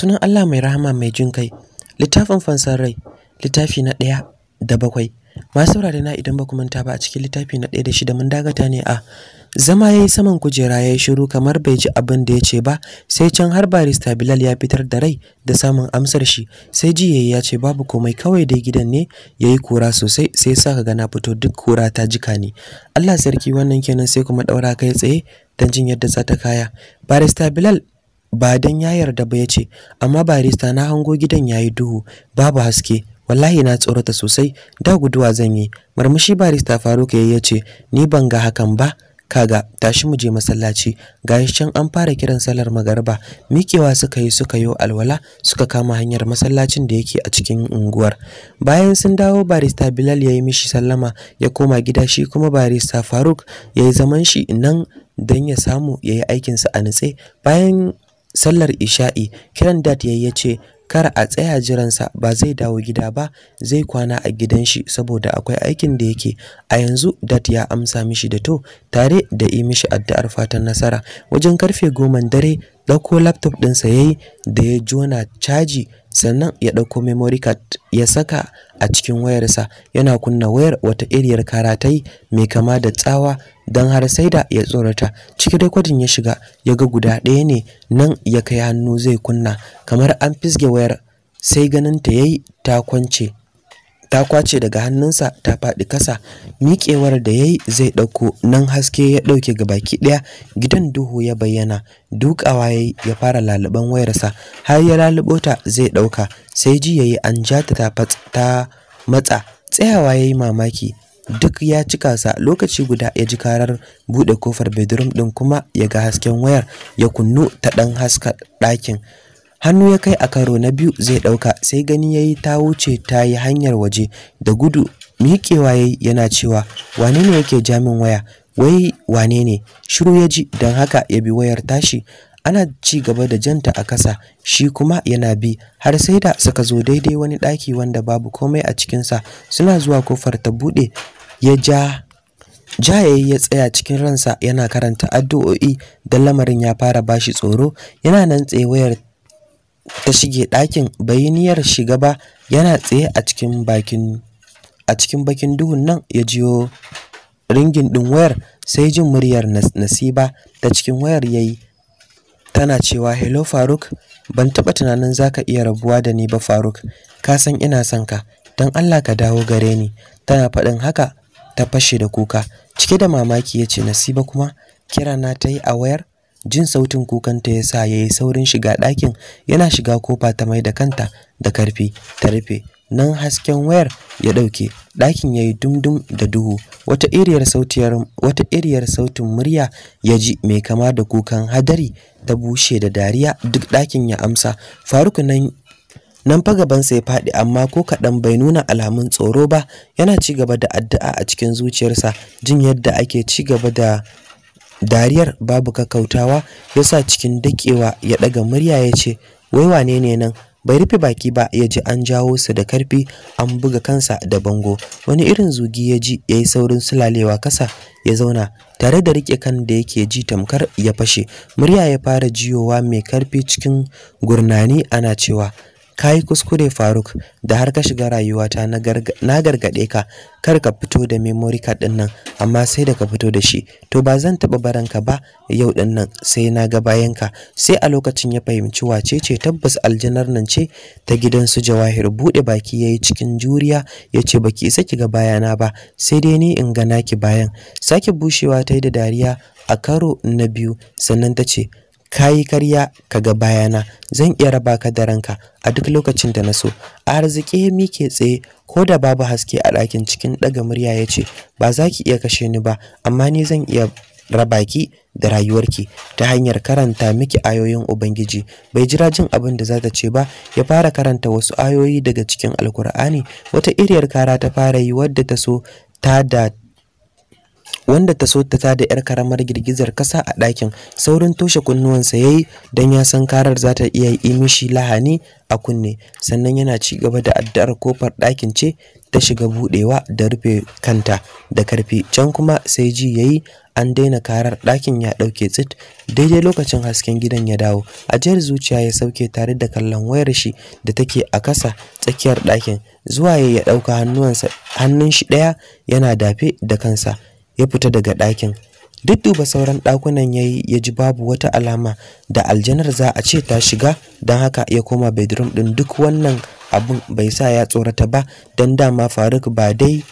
sunan Allah mai rahama mai jin kai littafin fansar rai littafi na ɗaya da bakwai masu wurare na idan ba ku manta ba a cikin littafi na ɗaya da shida mun dagata ne a zama ya yi saman kujera ya yi shiru kamar bai ji abin da ya ce ba sai can har barista bilal ya fitar da rai da samun amsar shi sai ji ya ce babu komai kawai dai gidan ne ya yi kura sosai sai sa ka gana fito duk kura ta jika ne allah sarki wannan kenan sai kuma ɗaura kai tsaye don jin yadda za ta kaya barista bilal ba dan ya yarda ba yace amma barista na hango gidan yayi duhu babu haske wallahi na tsorata sosai da guduwa zan yi Marmashi barista Faruk yayi yace ni ban ga hakan ba kaga tashi mu je masallaci ga can an fara kiran sallar magariba mikewa suka yi suka yo alwala suka kama hanyar masallacin da yake a cikin unguwar bayan sun dawo barista Bilal ya yi mishi sallama ya koma gida shi kuma barista Faruk yayi zaman shi nan dan ya samu ya yi aikinsa a nitse bayan sallar isha'i kiran dad ya yace kar a tsaya jiransa ba zai dawo gida ba zai kwana a gidan shi saboda akwai aikin da yake a yanzu dad ya amsa mishi da to tare da yi mishi addu'ar fatan nasara wajen karfe goman dare dauko laptop ɗinsa yayi da ya jona caji sannan ya dauko memory card ya saka a cikin wayarsa yana kunna wayar wata iriyar karatai mai kama da tsawa Dan har sai da ya tsorata ciki kwadin ya shiga ya ga guda ɗaya ne nan ya kai hannu zai kunna kamar an fisge wayar sai ganin ta yayi ta kwance ta kwace daga hannunsa ta faɗi kasa miƙewar da yayi zai ɗauko nan haske ya ɗauke baki ɗaya gidan duhu ya bayyana dukawa yayi ya fara laluban wayarsa har ya lalubo ta zai ɗauka sai ji yayi an ja ta ta matsa tsayawa yayi mamaki duk ya cika sa lokaci guda ya ji karar buɗe kofar bedroom ɗin kuma ya ga hasken wayar ya kunnu ta ɗan haska ɗakin hannu ya kai a karo na biyu zai ɗauka sai gani ya yi ta wuce ta yi hanyar waje da gudu miƙewa ya yana cewa wane ne yake jamin waya wai wane ne shiru ya ji don haka ya bi wayar tashi ana ci gaba da janta a kasa shi kuma yana bi har sai da suka zo daidai wani ɗaki wanda babu komai a cikinsa suna zuwa kofar ta buɗe ya ja jaye ya tsaya cikin ransa yana karanta addu'o'i da lamarin ya fara bashi tsoro yana nan tsaye wayar ta shige ɗakin bayaniyar shiga ba yana tsaye a cikin bakin a cikin bakin duhun nan ya jiyo ringin ɗin wayar sai jin muryar nasiba ta cikin wayar yayi tana cewa hello Faruk ban taɓa tunanin za ka iya rabuwa da ni ba Faruk ka san ina son ka don Allah ka dawo gare ni tana faɗin haka ta fashe da kuka cike da mamaki ya ce nasiba kuma kira na ta yi a wayar jin sautin kukanta ya sa ya yi saurin shiga ɗakin yana shiga kofa ta mai da kanta da karfi ta rufe nan hasken wayar ya ɗauke ɗakin ya yi dumdum da duhu wata iriyar sautiyar sautin murya ya ji mai kama da kukan hadari ta bushe da dariya duk ɗakin ya amsa faruku nan nan fa gabansa ya faɗi amma ko kaɗan bai nuna alamun tsoro ba yana ci gaba da addu'a a cikin zuciyarsa jin yadda ake ci gaba da dariyar babu kakautawa yasa cikin dakewa ya ɗaga murya ya ce wai wane ne nan bai rufe baki ba ya ji an jawo su da karfi an buga kansa da bango wani irin zugi ya ji ya yi saurin sulalewa kasa ya zauna tare da riƙe kan da yake ji tamkar ya fashe murya ya fara jiyowa mai karfi cikin gurnani ana cewa ka kuskure faruk da har ka shiga rayuwata na gargaɗe ka kar ka fito da memory card din nan amma sai da ka fito da shi to ba zan taɓa baranka ba yau din nan sai na ga bayan ka. sai a lokacin ya fahimci wace ce tabbas aljanar nan ce ta gidan su jawahir buɗe baki yayi cikin juriya yace baki isa ki ga bayana ba sai dai ni in ga naki bayan sake bushewa ta yi da dariya a karo na biyu sannan ta ce kayi karya kaga bayana zan iya raba ka da ranka a duk lokacin da na so a arziki mi ke tsaye ko da babu haske a ɗakin cikin ɗaga murya ya ce ba za ki iya kashe ni ba amma ni zan iya raba ki da rayuwarki ta hanyar karanta miki ayoyin ubangiji bai jira jin abin da za ta ce ba ya fara karanta wasu ayoyi daga cikin alkur'ani wata iriyar kara ta fara yi wadda ta so ta da wanda ta so ta ta da yar karamar girgizar kasa a ɗakin saurin toshe kunnuwansa yayi don ya san karar za ta iya yi mishi lahani a kunne sannan yana ci gaba da addu'ar kofar ɗakin ce ta shiga buɗewa da rufe kanta da karfi can kuma sai ji yayi an daina karar ɗakin ya ɗauke tsit daidai lokacin hasken gidan ya dawo ajiyar zuciya ya sauke tare da kallon wayar shi da take a kasa tsakiyar ɗakin zuwa ya ɗauka hannun shi ɗaya yana dafe da kansa ya fita daga ɗakin Duk duba sauran ɗakunan ya yi ya ji babu wata alama da aljanar za a ce ta shiga don haka ya koma bedroom ɗin duk wannan abun bai sa ya tsorata ba don dama faruk ba dai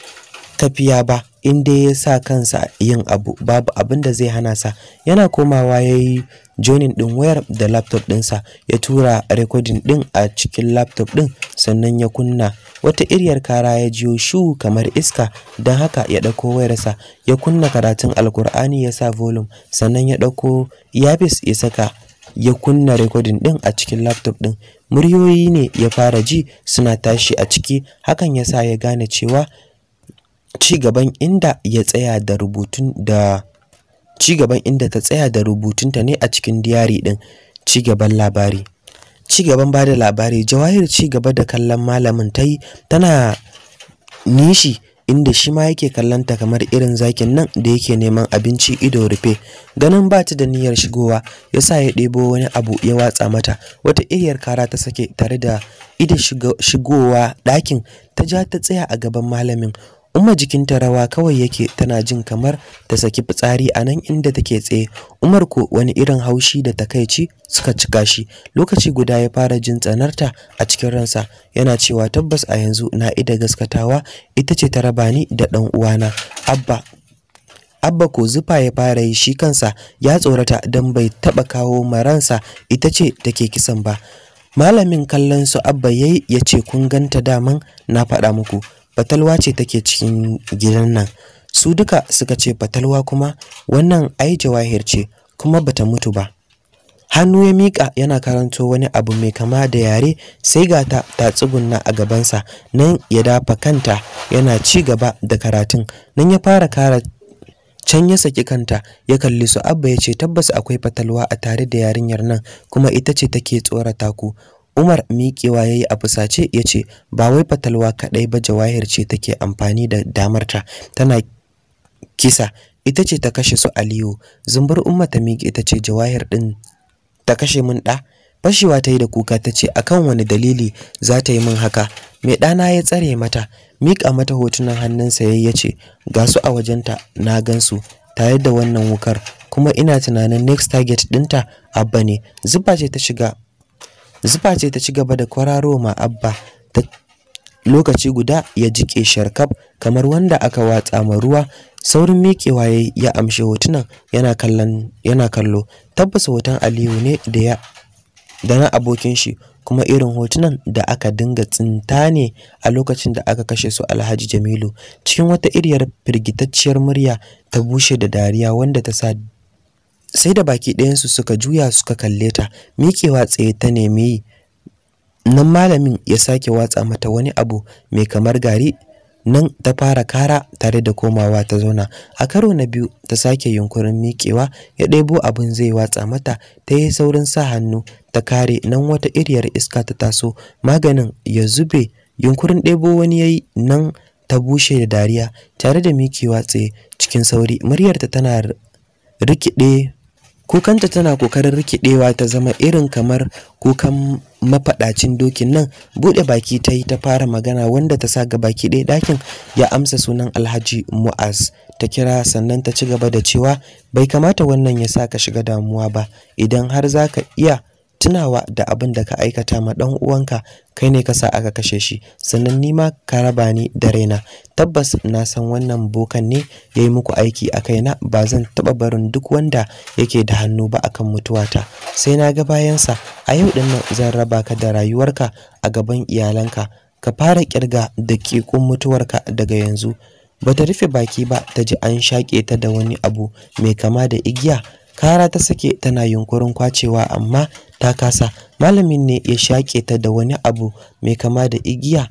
tafiya ba in dai ya sa kansa yin abu babu abin da zai hana sa yana komawa ya yi jonin ɗin wayar da laptop ɗinsa ya tura rikodin ɗin a cikin laptop ɗin sannan ya kunna wata iriyar kara ya jiyo shu kamar iska don haka ya ɗauko wayarsa ya kunna karatun alkur'ani ya sa volume sannan ya ɗauko yabis ya saka ya kunna rikodin ɗin a cikin laptop ɗin muryoyi ne ya fara ji suna tashi a ciki hakan ya sa ya gane cewa ci gaban inda ya tsaya da rubutun da ci inda ta tsaya da rubutunta ne a cikin diyari din cigaban labari ci gaban bada labari jawahir ci gaba da kallon malamin ta tana nishi inda shi ma yake kallonta kamar irin zakin nan da yake neman abinci ido rufe ganin ba ta da niyyar shigowa ya sa ya ɗebo wani abu ya watsa mata wata iriyar kara ta sake tare da ido shigowa ɗakin ta ja ta tsaya a gaban malamin Uma jikinta rawa kawai yake tana jin kamar ta saki fitsari a nan inda take tsaye. Umar ko wani irin haushi da takaici suka cika shi. Lokaci guda ya fara jin tsanarta a cikin ransa yana cewa tabbas a yanzu na ida gaskatawa ita ce ta raba ni da ɗan uwana. Abba Abba ko zufa ya fara yi shi kansa ya tsorata don bai taɓa kawo maransa ita ce take kisan ba. Malamin kallon su Abba yayi ya ce kun ganta daman na faɗa muku. fatalwa ce take cikin gidan nan su duka suka ce fatalwa kuma wannan ai jawahir ce kuma bata mutu ba hannu ya mika yana karanto wani abu mai kama da yare sai ga ta ta tsugunna a gabansa nan ya dafa kanta yana ci gaba da karatun nan ya fara kara can ya saki kanta ya kalli su abba ya ce tabbas akwai fatalwa a tare da yarinyar nan kuma ita ce take tsorata ku Umar miƙewa yayi a fusace yace ba wai fatalwa kaɗai ba jawahir ce take amfani da damarta tana kisa ita ce ta kashe su Aliyu zumbur umma ta miƙe ita ce jawahir din ta kashe mun ɗa? fashewa ta yi da kuka ta ce akan wani dalili za ta yi min haka mai ɗana ya tsare mata miƙa mata hotunan hannunsa yayi ya ce ga su a wajenta na gansu tare da wannan wukar kuma ina tunanin next target ɗinta abba ne zuba ce ta shiga zufa ce ta ci gaba da kwararo ma abba ta lokaci guda ya jike sharkab kamar wanda aka watsa ma ruwa saurin miƙewa ya ya amshi hotunan yana kallon yana kallo tabbas hoton Aliyu ne da ya da na abokin shi kuma irin hotunan da aka dinga tsinta ne a lokacin da aka kashe su Alhaji Jamilu cikin wata iriyar firgitacciyar murya ta bushe da dariya wanda ta sa sai da baki ɗayansu suka juya suka kalle ta miƙewa tsaye ta nemi nan malamin ya sake watsa mata wani abu mai kamar gari nan ta fara kara tare da komawa ta zauna a karo na biyu ta sake yunkurin miƙewa ya ɗebo abin zai watsa mata ta yi saurin sa hannu ta kare nan wata iriyar iska ta taso maganin ya zube yunkurin ɗebo wani ya yi nan ta bushe da dariya tare da mikewa tsaye cikin sauri muryarta tana rikide kukanta tana kokarin rikidewa ta zama irin kamar kukan mafaɗacin dokin nan Bude baki ta yi ta fara magana wanda ta sa ga baki ɗaya dakin ya amsa sunan alhaji mu'az ta kira sannan ta ci gaba da cewa bai kamata wannan ya sa ka shiga damuwa ba idan har za ka iya tunawa da abin da ka aikata ma dan uwanka kai ne ka sa aka kashe shi sannan ni ma ka raba ni da raina tabbas na san wannan bokan ne yayi muku aiki a kaina ba zan taba barin duk wanda yake da hannu ba akan mutuwata sai na ga bayansa a yau din nan zan raba ka da rayuwarka a gaban iyalanka ka fara kirga da kekun mutuwarka daga yanzu bata rufe baki ba ta ji an shaƙe ta da wani abu mai kama da igiya kara ta sake tana yunkurin kwacewa amma ta kasa malamin ne ya shake ta da wani abu mai kama da igiya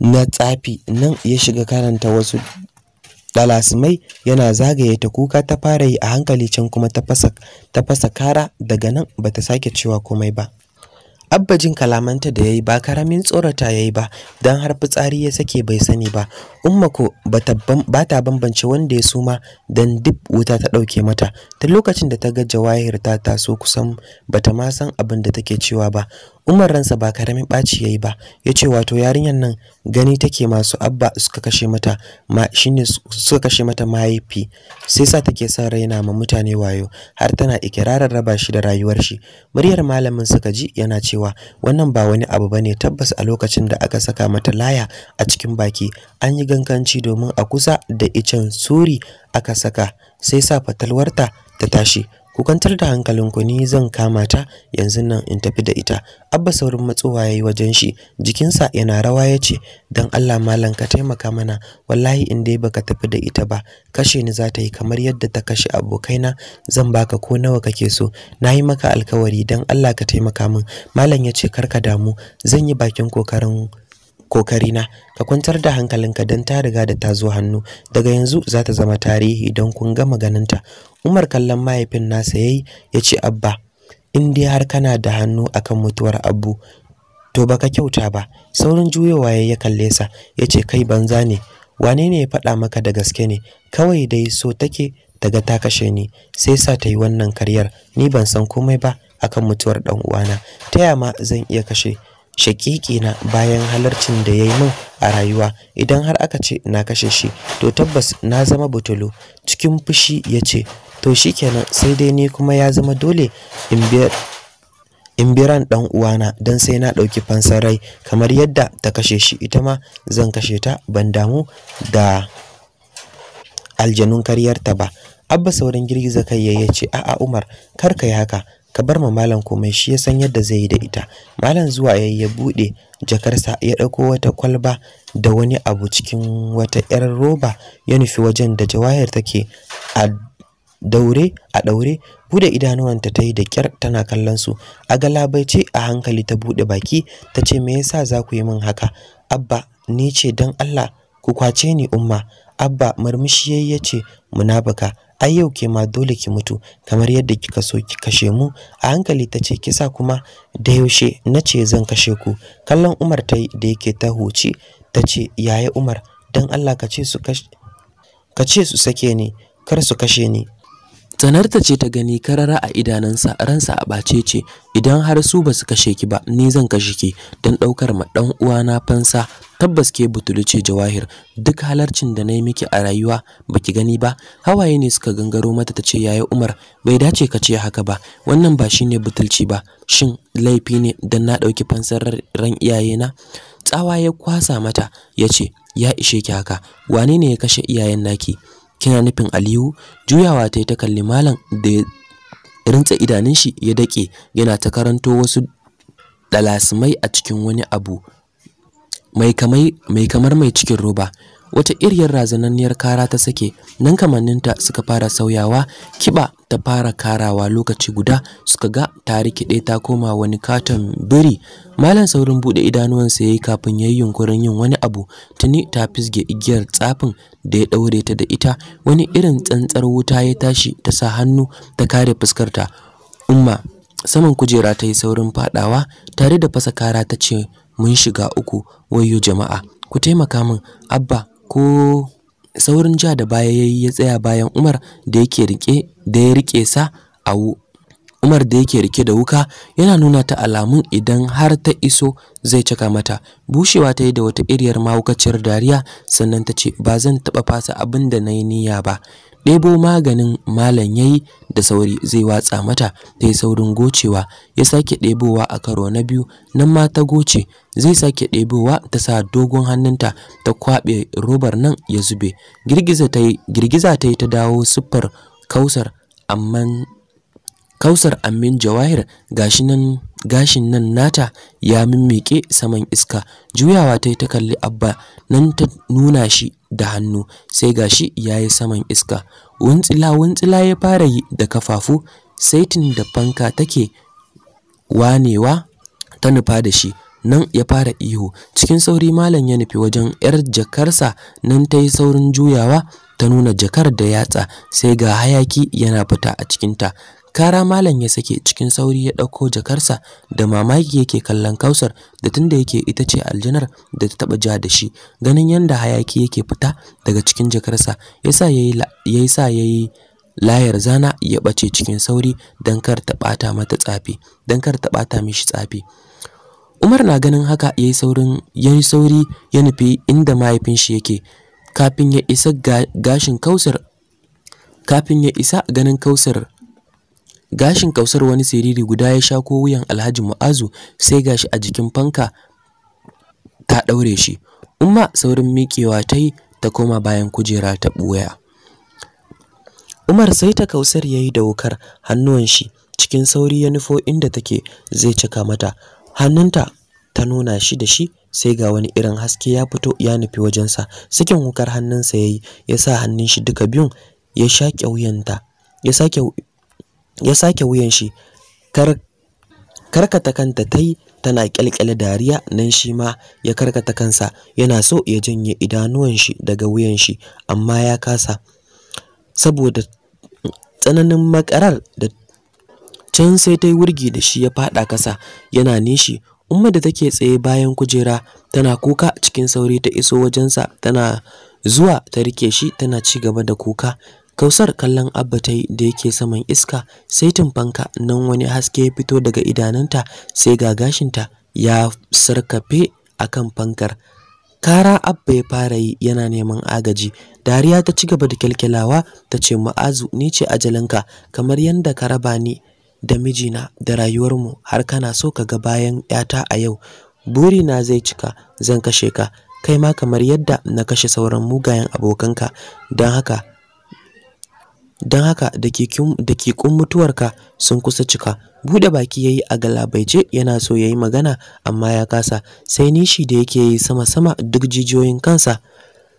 na tsafi nan ya shiga karanta wasu dalasmai yana zagaye ta kuka ta fara yi a hankali can kuma ta fasa kara daga nan ba ta sake cewa komai ba abbajin kalamanta da yayi ba karamin tsorata yayi ba dan har fitsari ya sake bai sani ba ummako ba ta bambance wanda ya suma don duk wuta ta ɗauke mata ta lokacin da ta ga jawahir ta taso kusan ba ta ma san abin da take cewa ba umar ransa ba karamin ɓaci ya yi ba ya ce wato yarinyar nan gani take masu abba suka kashe mata ma shine suka kashe mata mahaifi sai sa take son raina ma mutane wayo har tana ikirarar raba shi da rayuwar shi muryar malamin suka ji yana cewa wannan ba wani abu ba ne, tabbas a lokacin da aka saka mata laya a cikin baki an yi ganganci domin a kusa da icen suri aka saka sai sa fatalwarta ta tashi ku kwantar da hankalinku ni zan kama ta yanzu nan in tafi da ita abba saurin matsowa yi wajen shi jikinsa yana rawa ya ce. dan Allah mallan ka taimaka mana wallahi in dai baka tafi da ita ba kashe ni za ta yi kamar yadda ta kashe abokaina zan baka ko nawa kake so Na yi maka alkawari dan Allah ka taimaka min ya ce kar ka damu zan yi bakin kokarin kokarina ka kwantar da hankalinka don ta riga da ta zo hannu daga yanzu za ta zama tarihi don kun gama ganinta umar kallon mahaifin nasa yayi ya ce abba in dai har kana da hannu akan mutuwar abu to baka kyauta ba saurin juyowa ya ya kalle sa ya ce kai banza ne wane ne ya faɗa maka da gaske ne kawai dai so take daga ta kashe ni sai sa ta yi wannan karyar ni ban san komai ba akan mutuwar ɗan uwana ta yama zan iya kashe Shakiki na bayan halarcin da ya yi min a rayuwa idan har aka ce na kashe shi to tabbas na zama butulu cikin fushi ya ce to shikenan sai dai ni kuma ya zama dole in biran dan uwana don sai na ɗauki fansar rai kamar yadda ta kashe shi ita ma zan kashe ta ban damu da aljanun karyarta ba abba saurin girgiza kai ya ce a'a umar kar ka yi haka ka bar ma malam komai shi ya san yadda zai yi da ita malam zuwa yayi ya bude jakarsa ya dauko wata kwalba da wani abu cikin wata yar roba ya nufi wajen da jawahir take a daure a daure bude idanuwanta ta yi da kyar tana kallon su a galabaice a hankali ta bude baki ta ce me yasa za ku yi min haka abba ni ce dan allah ku kwace ni umma abba murmushi ya ce munafuka ai yau ke ma dole ki mutu kamar yadda kika so ki kashe mu a hankali ta ce kisa kuma da yaushe na ce zan kashe ku kallon umar ta yi da yake ta huci ta ce yaya umar don allah ka ce su kashe ka ce su sake ni kar su kashe ni tsanarta ce ta gani karara a idanunsa ransa a ɓace ce idan har su ba su kashe ki ba ni zan kashe ki don ɗaukar ma ɗan uwana fansa tabbas ke butulu ce jawahir duk halarcin da na yi miki a rayuwa baki gani ba hawaye ne suka gangaro mata ta ce yaya umar bai dace ka ce haka ba wannan ba shine butulci ba shin laifi ne don na ɗauki fansar ran iyayena tsawa ya kwasa mata ya ce ya ishe ki haka wane ne ya kashe iyayen naki kina nufin Aliyu juyawa ta yi ta kalli malam da ya rintsa idanun shi ya dake yana ta karanto wasu dalasmai a cikin wani abu mai kamar mai cikin roba wata iriyar razananniyar kara ta sake nan kamanninta suka fara sauyawa kiba ta fara karawa lokaci guda suka ga ta rikide ta koma wani katon biri malam saurin bude idanuwansa yayi kafin yayi yunkurin yin wani abu tuni ta fisge igiyar tsafin da ya daure ta da ita wani irin tsantsar wuta ya tashi ta sa hannu ta kare fuskarta umma saman kujera ta yi saurin fadawa tare da fasa kara ta ce mun shiga uku wayo jama'a ku taimaka min abba ko saurin ja da baya yayi ya tsaya bayan Umar da yake rike da ya rike sa a Umar da yake rike da wuka yana nuna ta alamun idan har ta iso zai cika mata. Bushewa ta yi da wata iriyar mahaukaciyar dariya sannan ta ce ba zan taɓa fasa abin da na yi niyya ba. ɗebo maganin malam yayi da sauri zai watsa mata ta yi saurin gocewa ya sake ɗebowa a karo na biyu nan ma ta goce zai sake ɗebowa ta sa dogon hannunta ta kwaɓe robar nan ya zube girgiza ta girgiza ta ta dawo siffar kausar amman kausar amin jawahir gashi nan gashin nan nata ya mimmiƙe saman iska juyawa ta yi ta kalli abba nan ta nuna shi da hannu sai gashi ya yi saman iska wuntsila wuntsila ya fara yi da kafafu saitin da fanka take wanewa ta nufa da shi nan ya fara ihu cikin sauri malam ya nufi wajen yar jakarsa nan ta yi saurin juyawa ta nuna jakar da yatsa sai ga hayaki yana fita a cikinta Kara malam ya sake cikin sauri ya ɗauko jakarsa da mamaki yake kallon Kausar da tunda yake ita ce aljanar da ta taba ja da shi. Ganin yanda hayaki yake fita daga cikin jakarsa yasa yayi sa yayi layar zana ya bace cikin sauri don kar ta ɓata mata tsafi, don kar ta bata mishi tsafi. Umar na ganin haka yayi saurin yayi sauri ya nufi inda mahaifin shi yake kafin ya isa gashin Kausar kafin ya isa ganin Kausar gashin kausar wani siriri guda ya sha ko wuyan alhaji mu'azu sai gashi a jikin fanka ta ɗaure shi umma saurin miƙewa ta yi ta koma bayan kujera ta ɓuya umar sai ta kausar ya yi da wukar hannuwan shi cikin sauri ya nufo inda take zai cika mata hannunta ta nuna shi da shi sai ga wani irin haske ya fito ya nufi wajensa sakin wukar hannunsa ya yi ya sa hannun shi duka biyun ya shaƙe wuyanta ya sake ya sake wuyan shi karkata kanta ta tana kyalkyale dariya nan shi ma ya karkata kansa yana so ya janye idanuwan shi daga wuyan shi amma ya kasa saboda tsananin makarar da can sai ta wurgi da shi ya fada kasa yana nishi umma da take tsaye bayan kujera tana kuka cikin sauri ta iso wajensa tana zuwa ta rike shi tana ci gaba da kuka Kausar kallon Abba ta da yake saman iska sai tumfanka nan wani haske ya fito daga idanunta sai ga gashinta ya sarkafe akan fankar. Kara Abba ya fara yi yana neman agaji. Dariya ta ci gaba da kyalkyalawa ta ce Ma'azu ni ce ajalinka kamar yadda ka raba ni da mijina da rayuwarmu har kana so ka ga bayan 'yata a yau. buri na zai cika zan kashe ka kai ma kamar yadda na kashe sauran mugayen abokanka don haka don haka mutuwar mutuwarka sun kusa cika buɗe baki yayi a galabaice yana so yayi magana amma ya kasa sai nishi da yake yi sama-sama duk jijiyoyin kansa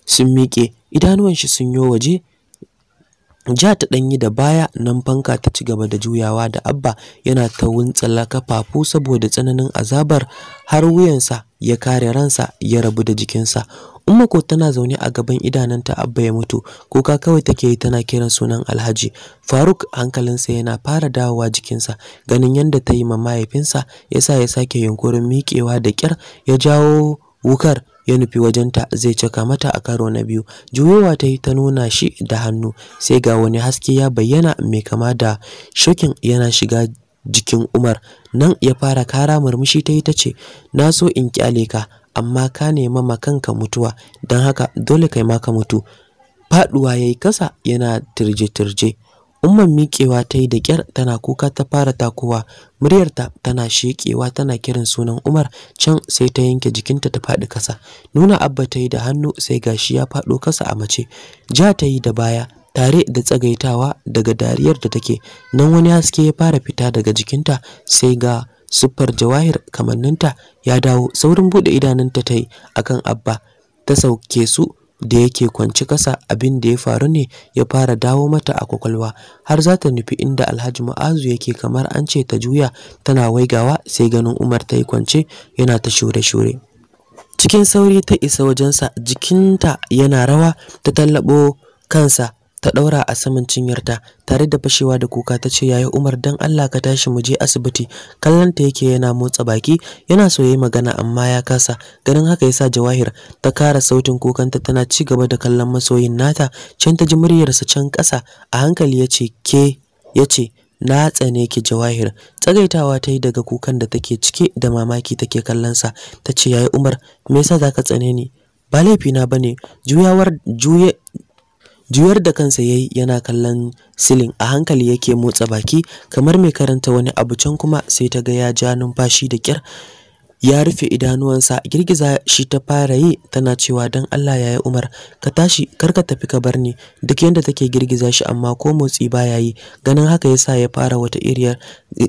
sun miƙe idanuwan shi sun yo waje Ja ta ɗanyi da baya nan fanka ta ci gaba da juyawa da Abba yana ta wuntsala kafafu saboda tsananin azabar har wuyansa ya kare ransa ya rabu da jikinsa. Umma tana zaune a gaban idananta Abba ya mutu, kuka kawai take yi tana kiran sunan Alhaji. Faruk hankalinsa yana fara dawowa jikinsa, ganin yadda ta yi ma mahaifinsa yasa ya sake yunkurin miƙewa da ƙyar ya jawo wukar ya nufi wajenta zai cika mata a karo na biyu juyowa ta yi ta nuna shi da hannu sai ga wani haske ya bayyana mai kama da shokin yana shiga jikin Umar nan ya fara kara murmushi ta yi ta ce na so in kyale ka amma ka nema ma kanka mutuwa don haka dole kai ma ka mutu faduwa yi kasa yana tirje-tirje umman miƙewa ta yi da ƙyar tana kuka ta fara takowa muryarta tana sheƙewa tana kiran sunan umar can sai ta yanke jikinta ta faɗi kasa nuna abba ta yi da hannu sai gashi ya faɗo kasa a mace ja ta yi da baya tare da tsagaitawa daga dariyar da take nan wani haske ya fara fita daga jikinta sai ga siffar jawahir kamanninta ya dawo saurin buɗe idanunta ta yi akan abba ta sauke su da yake kwance kasa abin da ya faru ne ya fara dawo mata a kwakwalwa har za ta nufi inda Alhaji Mu'azu yake kamar an ce ta juya tana waigawa sai ganin Umar ta yi kwance yana ta shure-shure. Cikin sauri ta isa wajensa jikinta yana rawa ta tallabo kansa ta ɗaura a saman cinyarta tare da fashewa da kuka tace ce yayi Umar dan Allah ka tashi mu je asibiti kallanta yake yana motsa baki yana so yayi magana amma ya kasa ganin haka yasa Jawahir ta kara sautin kukanta tana ci gaba da kallon masoyin nata can ta ji muryarsa can kasa a hankali yace ke yace na tsane ki jawahir tsagaitawa ta yi daga kukan da take cike da mamaki take kallonsa ta ce yayi umar me yasa zaka tsane ni ba laifi laifina bane juyawar juye juyar da kansa yayi yana kallon silin a hankali yake motsa baki kamar mai karanta wani abu can kuma sai ta ga ya ja numfashi da kyar ya rufe idanuwansa girgiza shi ta fara yi tana cewa dan Allah ya yi Umar ka tashi kar ka tafi ka bar ni duk yanda take girgiza shi amma ko motsi baya yi ganin haka yasa ya fara wata iriyar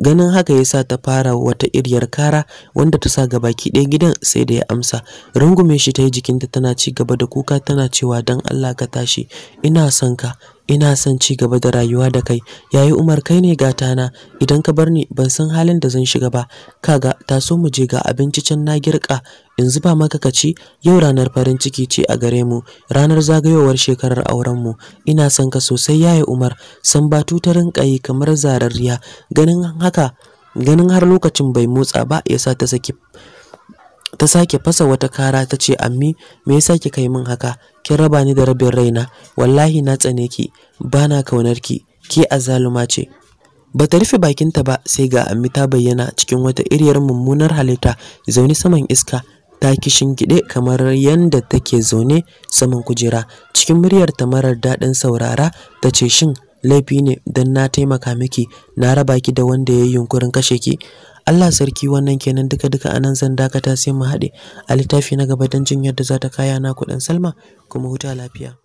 ganin haka yasa ta fara wata iriyar kara wanda ta sa gabaki ɗaya gidan sai da ya amsa rungume shi ta yi jikinta tana ci gaba da kuka tana cewa dan Allah ka tashi ina son ka ina son ci gaba da rayuwa da kai yayi Umar kai ne gata na idan ka bar ni ban san halin da zan shiga ba kaga taso mu je ga abinci can na girka in zuba maka ka ci yau ranar farin ciki ce a gare mu ranar zagayowar shekarar auren mu ina son ka sosai yayi Umar san ba tutarin kai kamar zararriya ganin haka ganin har lokacin bai motsa ba yasa ta saki ta sake fasa wata kara ta ce ammi me yasa ki yi min haka kin raba ni da rabin raina wallahi na tsane ki bana kaunar ki ke azaluma ce bata rufe bakinta ba sai ga ammi ta bayyana cikin wata iriyar mummunar halitta zaune saman iska ta gide kamar yadda take zaune saman kujera cikin muryar ta marar daɗin saurara ta ce shin laifi ne don na taimaka miki na raba ki da wanda ya yi yunkurin kashe ki Allah sarki wannan kenan duka duka a nan zan dakata sai mu haɗe a littafi na gaba don jin yadda za ta kaya na kuɗin Salma kuma huta lafiya